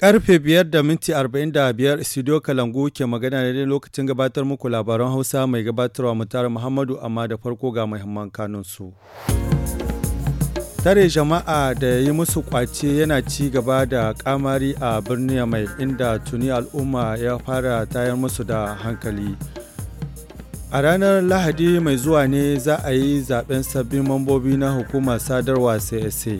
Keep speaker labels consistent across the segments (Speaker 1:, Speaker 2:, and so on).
Speaker 1: Karfe biyar da minti arba'in da biyar Studio Kalangu ke magana da lokacin gabatar muku labaran Hausa mai gabatarwa mutar Muhammadu amma da farko ga muhimman kanunsu. Tare jama'a da yi musu kwace yana ci gaba da kamari a birnin mai inda tuni al'umma ya fara tayar musu da hankali. A ranar Lahadi mai zuwa ne za a yi zaben sabbin mambobi na hukumar sadarwa CSA.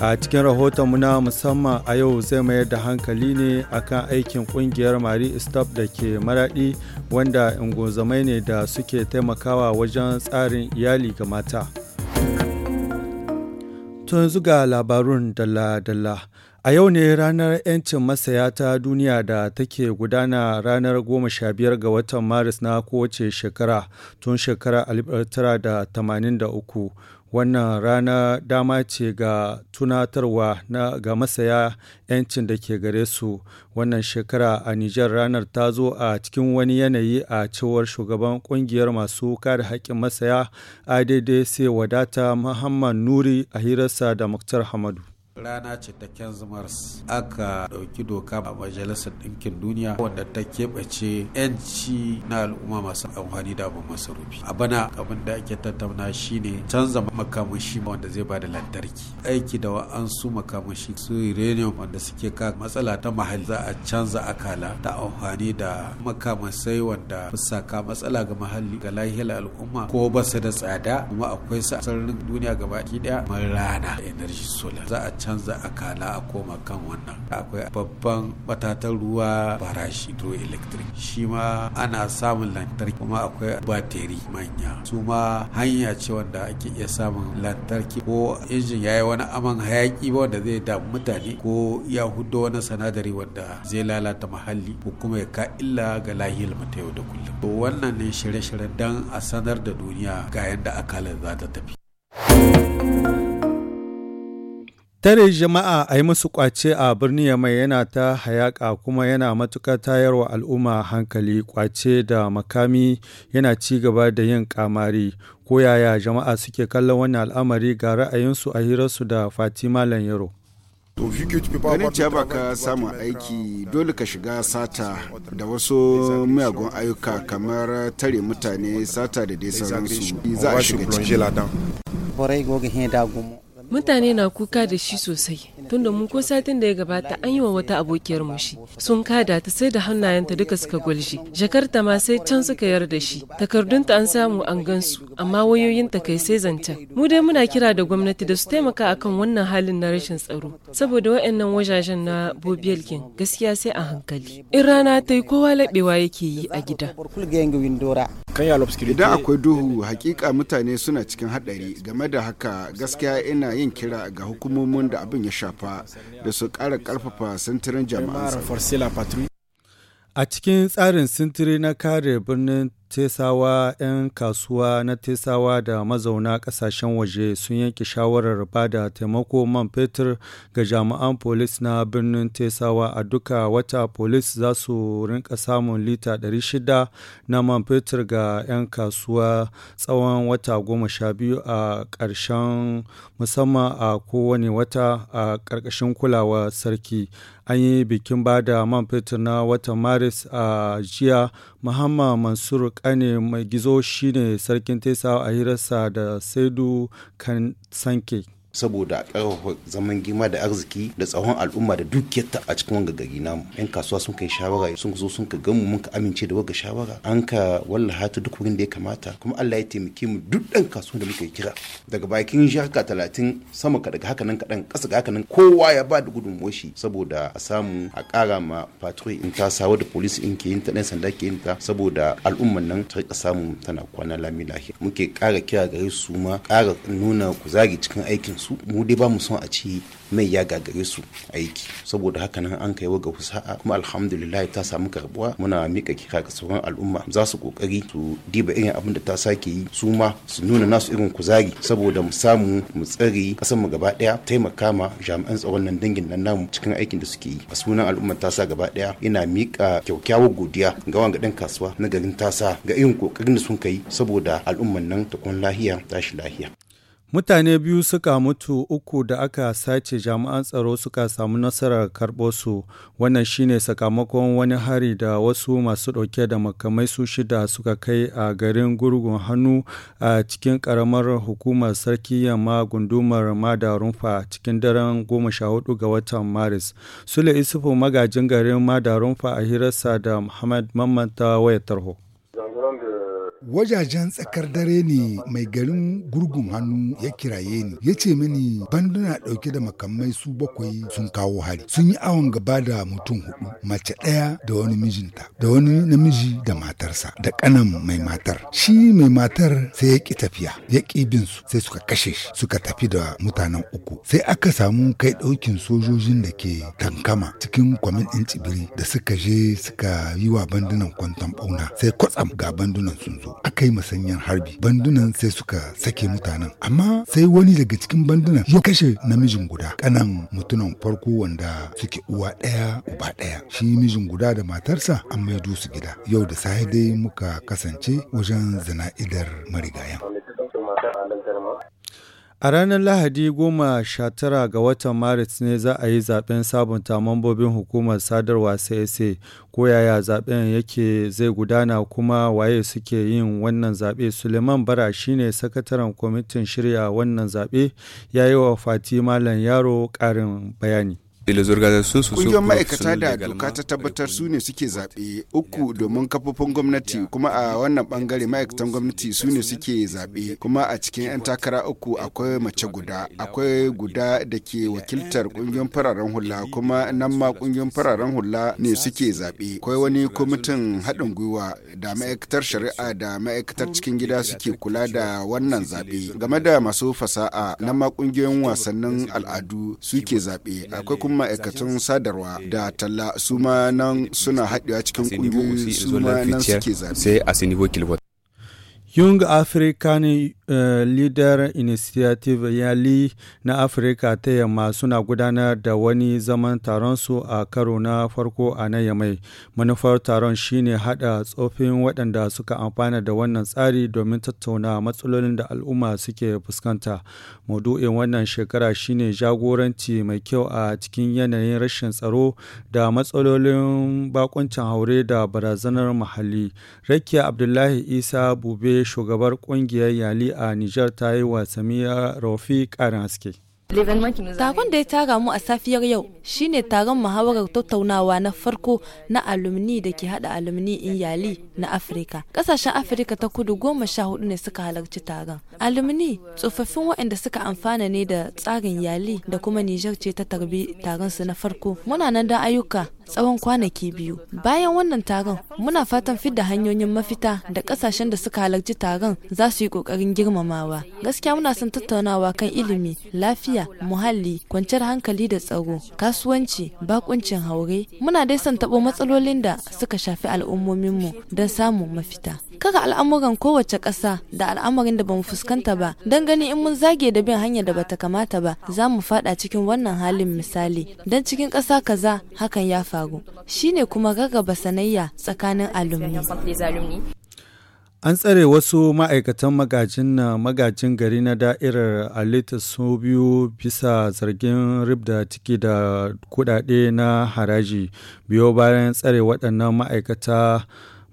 Speaker 1: a cikin rahotonmu na musamman a yau zai mayar da hankali ne akan aikin kungiyar mari stop da ke maradi wanda ingozamai ne da suke taimakawa wajen tsarin iyali ga mata tun zuga labarun dalla-dalla A yau ne ranar 'yancin masaya ta duniya da take gudana ranar 15 ga watan Maris na kowace shekara tun shekara 1983 wannan rana dama ce ga tunatarwa na ga masaya 'yancin da ke gare su wannan shekara a Nijar ranar ta zo a cikin wani yanayi a cewar shugaban kungiyar masu kare haƙƙin masaya adede sai wadata Muhammad Nuri a hirarsa da Muktar Hamadu. rana ce ta
Speaker 2: Kenzmars aka ɗauki doka a majalisar ɗinkin duniya wanda ta keɓace 'yanci na al'umma masu amfani da abin masarufi. A bana abin da ake tattauna shine canza makamashi wanda zai bada lantarki. Aiki da wa'ansu makamashi su uranium wanda suke ka matsala ta mahalli za a canza akala ta amfani da makamasai wanda fusaka matsala ga mahalli ga lahiyar al'umma ko ba su da tsada kuma akwai sararin duniya gabaki daya. Mun rana energy solar za a canza akala a koma kan wannan akwai babban batatar ruwa barashi hydroelectric shi ma ana samun lantarki kuma akwai bateri manya su ma hanya ce wanda ake iya samun lantarki ko injin ya yi wani aman hayaki ba wanda zai damu mutane ko ya hudo wani sanadari wanda zai lalata muhalli ko kuma ya ka illa ga lahiyar mata yau da kullum to wannan ne shirye shiryen dan a sanar da duniya ga yadda akalar za ta tafi
Speaker 1: Tare jama'a a yi musu ƙwace a birnin Yamai yana ta hayaƙa kuma yana matuƙar tayarwa al'umma hankali ƙwace da makami yana ci gaba da yin ƙamari. Ko yaya jama'a suke kallon wannan al'amari ga ra'ayinsu a hirarsu da Fatima Lanyaro. ganin
Speaker 3: cewa ka samun aiki dole ka shiga sata da wasu miyagun ayyuka kamar tare mutane sata da dai sauransu za a shiga ciki.
Speaker 4: mutane na kuka da shi sosai tun da mun ko satin da ya gabata an yi wa wata abokiyar mu shi sun kada ta sai da hannayenta duka suka gwalshi jakarta ma sai can suka yarda shi takardunta an samu an gansu amma wayoyinta kai sai zancen mu dai muna kira da gwamnati da su taimaka akan wannan halin na rashin tsaro saboda wayannan wajajen na bobiyalkin gaskiya sai a hankali in rana ta yi kowa laɓewa yake yi a gida
Speaker 3: idan akwai duhu hakika mutane suna cikin haɗari game da haka gaskiya ina yin kira ga hukumomin da abin ya shafa karfafa da su kara karfafa sintirin jama'a.
Speaker 1: A cikin tsarin sintiri na kare birnin Tesawa 'yan kasuwa na Tesawa da mazauna ƙasashen waje sun yanke shawarar ba da taimako man fetur ga jami'an polis na birnin Tesawa a duka wata polis za su rinka samun lita 600 na man fetur ga 'yan kasuwa tsawon wata goma sha biyu a ƙarshen musamman a kowane wata a ƙarƙashin kulawa sarki. An yi bikin bada man fetur na watan Maris a jiya Muhammad Mansur Kane mai gizo shine sarkin Tesa a hirarsa da Saidu kan sanke.
Speaker 5: saboda ƙarfafa zaman gima da arziki da tsawon al'umma da dukiyarta a cikin wanga gari namu yan kasuwa sun kai shawara sun zo sun ka gamu mun ka amince da wanga shawara an ka wallaha ta duk wurin da ya kamata kuma Allah ya taimake mu duk dan kasuwa da muka kira daga bakin shaka talatin sama ka daga haka nan kaɗan ƙasa ga haka nan kowa ya ba da gudunmuwar shi saboda a samu a ƙara ma patrol in ta sawa da polisi in ke yin ta ɗan sanda ke yin ta saboda al'umman nan ta riƙa samu tana kwana lami lahiya muke ƙara kira gare su ma ƙara nuna kuzari cikin aikin su mu dai ba mu son a ci mai ya gagare su aiki saboda haka nan an kai ga fusa'a kuma alhamdulillah ta samu karbuwa muna mika kira ga sauran al'umma za su kokari su diba irin abin da ta sake yi su ma su nuna nasu irin kuzari saboda mu samu mu tsare kasan mu gaba daya taimaka ma jami'an tsaron nan dangin nan namu cikin aikin da suke yi a sunan al'ummar tasa gaba daya ina mika kyaukyawar godiya ga wanga dan kasuwa na garin tasa ga irin kokarin da sun kai saboda al'umman nan ta kun lahiya tashi lahiya
Speaker 1: Mutane biyu suka mutu uku da aka sace jami'an tsaro suka samu nasarar karɓo su wannan shine sakamakon wani hari da wasu masu ɗauke da makamai su shida suka kai a garin gurgun hannu a cikin ƙaramar hukumar sarki yamma gundumar mada rumfa cikin daren 14 ga watan maris sule isufu magajin garin mada rumfa a hirarsa da muhammad mamman ta wayar tarho
Speaker 3: wajajen tsakar dare ne mai garin gurgun hannu ya kiraye ni ya ce mini banduna ɗauke da makamai su bakwai sun kawo hari sun yi awon gaba da mutum hudu mace ɗaya da wani mijinta da wani namiji da matarsa da ƙanan mai matar shi mai matar sai ya ƙi tafiya ya ƙi bin su sai suka kashe shi suka tafi da mutanen uku sai aka samu kai ɗaukin sojojin da ke tankama cikin kwamin ɗin tsibiri da suka je suka yi wa bandunan kwanton ɓauna sai kwatsam ga bandunan sun zo su aka yi masanyan harbi bandunan sai suka sake mutanen amma sai wani daga cikin bandunan ya kashe namijin guda kanan mutunan farko wanda suke uwa ɗaya uba ɗaya shi mijin guda da matarsa an maido su gida yau da sahi dai muka kasance wajen
Speaker 1: zana'idar marigayan A ranar Lahadi goma sha tara ga watan Maris ne za a yi zaben sabunta mambobin hukumar sadarwa CSA ko yaya zaben yake zai gudana kuma waye suke yin wannan zaɓe. Suleiman Bara shine sakataren kwamitin shirya wannan zaɓe ya yi wa Fati Malam Yaro ƙarin bayani. Ƙungiyar ma'aikata da doka
Speaker 3: ta tabbatar su ne suke zaɓe uku domin kafofin gwamnati kuma a wannan bangare ma'aikatan gwamnati su ne suke zaɓe kuma a cikin 'yan takara uku akwai mace guda akwai guda da ke wakiltar ƙungiyar fararen hula kuma nan ma ƙungiyar fararen hula ne suke zaɓe akwai wani kwamitin haɗin gwiwa da ma'aikatar shari'a da ma'aikatar cikin gida suke kula da wannan zaɓe game da masu fasa'a nan ma ƙungiyar wasannin al'adu suke zaɓe akwai kuma ma'aikatan sadarwa da talla su ma nan suna haɗewa cikin ƙungiyoyi su ma nan suke zaɓe.
Speaker 1: Jung African Eh, leader initiative yali na afirka ta yamma suna gudanar da wani zaman taron su a karo na farko a na yamai manufar taron shine hada tsofin waɗanda suka amfana da wannan tsari domin tattauna matsalolin da al'umma suke fuskanta maudu'in wannan shekara shine jagoranci mai kyau a cikin yanayin rashin tsaro da matsalolin bakuncin haure da barazanar muhalli rakiya abdullahi isa bube shugabar ƙungiyar yali a Nijar ta yi wa Samiya Rafi ƙarin haske.
Speaker 6: Taron
Speaker 7: da ya tara mu a safiyar yau shine taron muhawarar tattaunawa na farko na alumni da ke hada alumni iyali na Afirka. Kasashen Afirka ta kudu goma sha hudu ne suka halarci taron. Alumni tsofaffin waɗanda suka amfana ne da tsarin yali da kuma Nijar ce ta tarbi taron su na farko. Muna nan da ayyuka tsawon kwanaki biyu. Bayan wannan taron, muna fatan fidda hanyoyin mafita da kasashen da suka halarci taron za su yi kokarin girmamawa. Gaskiya muna son tattaunawa kan ilimi, lafiya, muhalli, kwanciyar hankali da tsaro, kasuwanci, bakuncin haure. Muna dai son taɓo matsalolin da suka shafi al'ummominmu don samun mafita. Kaga al'amuran kowace ƙasa da al'amarin da bamu fuskanta ba, don gani in mun zage da bin hanyar da bata kamata ba, za mu faɗa cikin wannan halin misali. Don cikin ƙasa kaza hakan ya faru. Chicago, shine kuma gagaba sanayya tsakanin alumni.
Speaker 1: An tsare wasu ma'aikatan magajin na magajin gari na da'irar Alita su biyu bisa zargin ribda ciki da kudade na haraji biyo bayan tsare waɗannan ma'aikata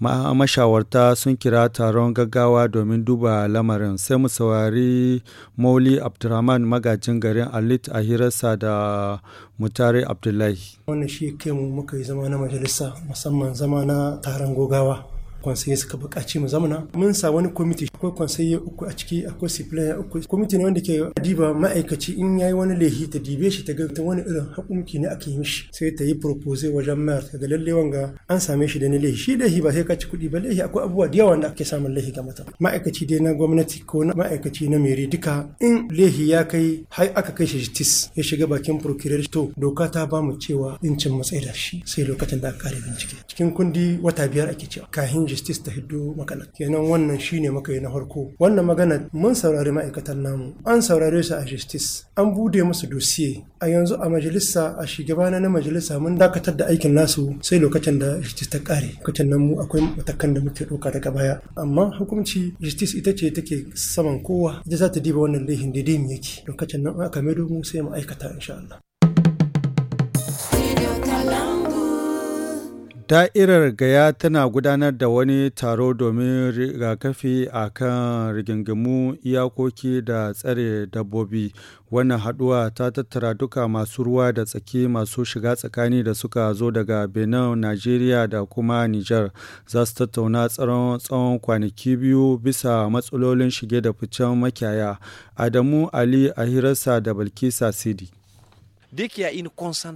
Speaker 1: mashawarta sun kira taron gaggawa domin duba lamarin sai mu saurari mauli abdurrahman magajin garin alit a hirarsa da mutare abdullahi
Speaker 6: wannan shi kai mu muka yi zama na majalisa musamman zama na taron gogawa kwansaye suka buƙaci mu zamana mun sa wani kwamiti akwai kwansaye uku a ciki akwai sifilin uku kwamiti ne wanda ke diba ma'aikaci in ya yi wani lehi ta dibe shi ta ga ta wani irin hakunki ne aka yi mishi. sai ta yi propose wajen mayar ta ga lalle wanga an same shi da ni lehi shi lehi ba sai ka ci kuɗi ba laihi akwai abubuwa da yawa da ake samun lehi ga mata ma'aikaci dai na gwamnati ko ma'aikaci na mere duka in lehi ya kai har aka kai shi jitis ya shiga bakin procurer to doka ta bamu cewa in cin matsayi da shi sai lokacin da aka kare bincike cikin kundi wata biyar ake cewa kahin justice ta hiddo magana kenan wannan shine maka yi na farko wannan magana mun saurari ma'aikatan namu an saurare su a justice an bude musu dosiye a yanzu a majalisa a shugabana na majalisa mun dakatar da aikin nasu sai lokacin da justice ta kare lokacin nan mu akwai matakan da muke doka daga baya amma hukunci justice ita ce take saman kowa ita za ta diba wannan laifin da yake lokacin nan aka maido mu sai mu aikata insha Allah.
Speaker 1: Da'irar Gaya tana gudanar da wani taro domin rigakafi a kan rigingimu iyakoki da tsare dabbobi. Wannan haɗuwa ta tattara duka masu ruwa da tsaki masu shiga tsakani da suka zo daga Benin, nigeria da kuma niger Za su tattauna tsawon kwanaki biyu bisa matsalolin shige da ficen makiyaya. Adamu Ali a da balkisa Sidi. duk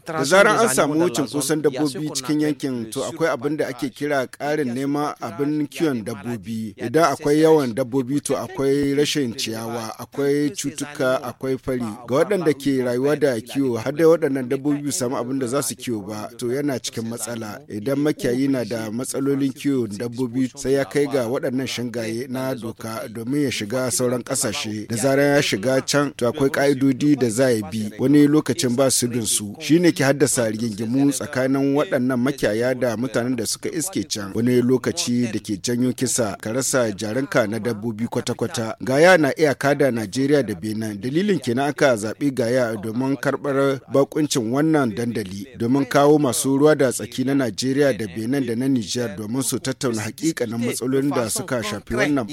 Speaker 1: da zarar an samu wucin kusan dabbobi
Speaker 3: cikin yankin to akwai abin da ake kira karin neman abin kiwon dabbobi idan akwai yawan dabbobi to akwai rashin ciyawa akwai cutuka akwai fari ga waɗanda ke rayuwa da kiwo har da waɗannan dabbobi samu abin da za su kiwo ba to yana cikin matsala idan makiyayi na da matsalolin kiwon dabbobi sai ya kai ga waɗannan shingaye na doka domin ya shiga sauran kasashe da zarar ya shiga can to akwai ka'idodi da za ya bi wani lokacin ba ba su bin shine ke haddasa rigingimu tsakanin waɗannan makiyaya da mutanen da suka iske can wani lokaci da ke janyo kisa ka rasa jarinka na dabbobi kwata-kwata gaya na iyaka da najeriya da benin dalilin kenan aka zaɓi gaya domin karɓar bakuncin wannan dandali domin kawo masu ruwa da tsaki na najeriya da benin da na nijar domin su tattauna hakikanin matsalolin da suka shafi wannan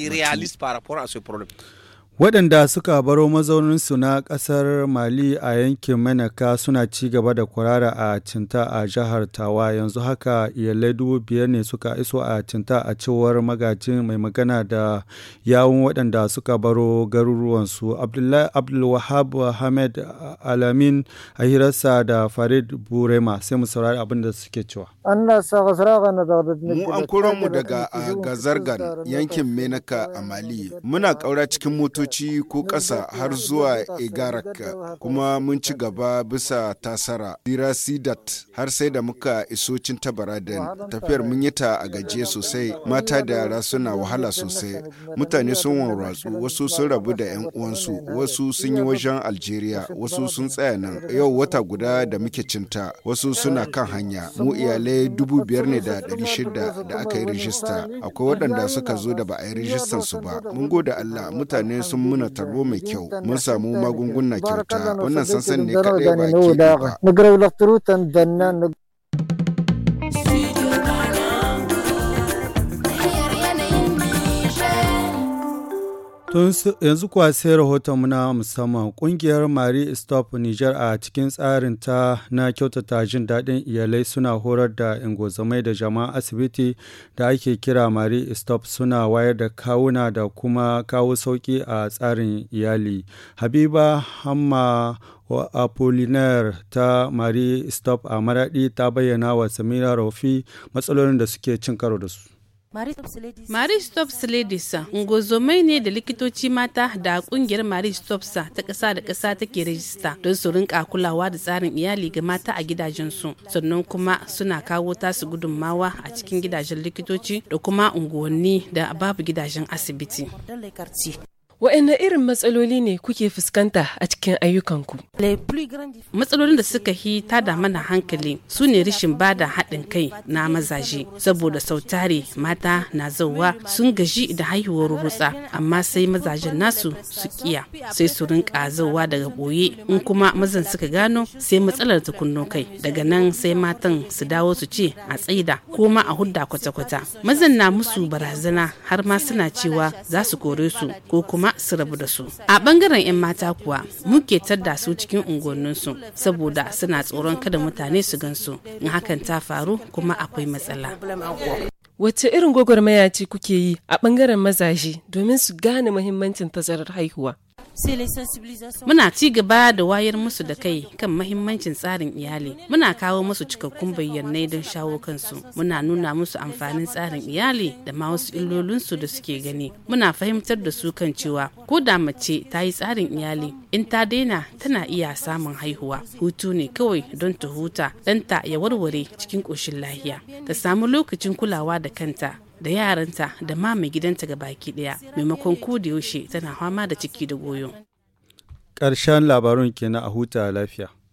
Speaker 1: Waɗanda suka baro mazauninsu na ƙasar Mali a yankin Manaka suna ci gaba da kwarara a Cinta a jihar Tawa yanzu haka iyalai dubu biyar ne suka iso a Cinta a cewar magajin mai magana da yawun waɗanda suka baro garuruwansu. Abdullahi Abdulwahab Ahmed Alamin a da Farid Burema sai mu saurari abin da suke cewa.
Speaker 6: Mu an mu daga
Speaker 3: ah, Gazargan yankin Menaka a Mali muna ƙaura cikin mutu motoci ko ƙasa har zuwa Igarak kuma mun ci gaba bisa tasara sidat har sai da muka iso cinta da tafiyar mun yi ta a gajiye sosai mata da yara suna wahala sosai mutane sun warwatsu wasu sun rabu da 'yan uwansu wasu sun yi wajen Algeria wasu sun tsaya nan yau wata guda da muke cinta wasu suna kan hanya mu iyalai dubu biyar ne da ɗari shida da aka yi rijista akwai waɗanda suka zo da ba a yi rijistan su ba mun gode Allah mutane sun sun muna tarbo mai kyau mun samu magunguna kyauta wannan sansan ne kaɗai
Speaker 6: ba ke ba.
Speaker 1: yanzu kuwa sai rahoton na musamman kungiyar Mari Stop Niger a cikin tsarin ta na kyautata jin daɗin iyalai suna horar da ingozamai da jama'a asibiti da ake kira Mari Stop suna wayar da kawuna da kuma kawo sauƙi a tsarin iyali. Habiba Hamma wa Apollinaire ta Mari Stop a Maraɗi ta bayyana wa Samira Rofi matsalolin da suke cin karo da su.
Speaker 4: Marie Stops Ladies ungozomai ne da likitoci mata da kungiyar Marie Stops ta kasa da ƙasa take rajista don su rinka kulawa da tsarin iyali ga mata a gidajensu sannan kuma suna kawo tasu gudunmawa a cikin gidajen likitoci da kuma unguwanni da babu gidajen asibiti. Waɗanne irin matsaloli ne kuke fuskanta a cikin ayyukanku? Matsalolin da suka hi da mana hankali su ne rishin bada haɗin kai na mazaje, saboda sautare mata na zauwa sun gaji da haihuwar rutsa, amma sai mazajen nasu su kiya sai su rinka zauwa daga ɓoye in kuma mazan suka gano sai matsalar ta kunno kai daga nan sai matan su dawo su ce a tsaida ko ma a hudda kwata-kwata. Mazan na musu barazana har ma suna cewa za su kore su ko kuma su rabu da su a bangaren 'yan mata kuwa muke tadda su cikin unguwanninsu saboda suna tsoron kada mutane su gan su in hakan ta faru kuma akwai matsala Wace irin gwagwarmaya ce kuke yi a ɓangaren mazaje domin su gane muhimmancin tazarar haihuwa? Muna ci gaba da wayar musu da kai kan mahimmancin tsarin iyali. Muna kawo musu cikakkun bayyanai don shawo kansu. Muna nuna musu amfanin tsarin iyali da ma wasu illolinsu da suke gani. Muna fahimtar da su kan cewa ko da mace ta yi tsarin iyali in ta daina tana iya samun haihuwa. Hutu ne kawai don ta huta ɗanta ya warware cikin koshin lahiya. Ta samu lokacin kulawa da kanta da yaranta da ma mai gidanta ga baki daya maimakon ko yaushe tana fama da ciki da goyo.
Speaker 1: Ƙarshen labarun kenan a huta lafiya.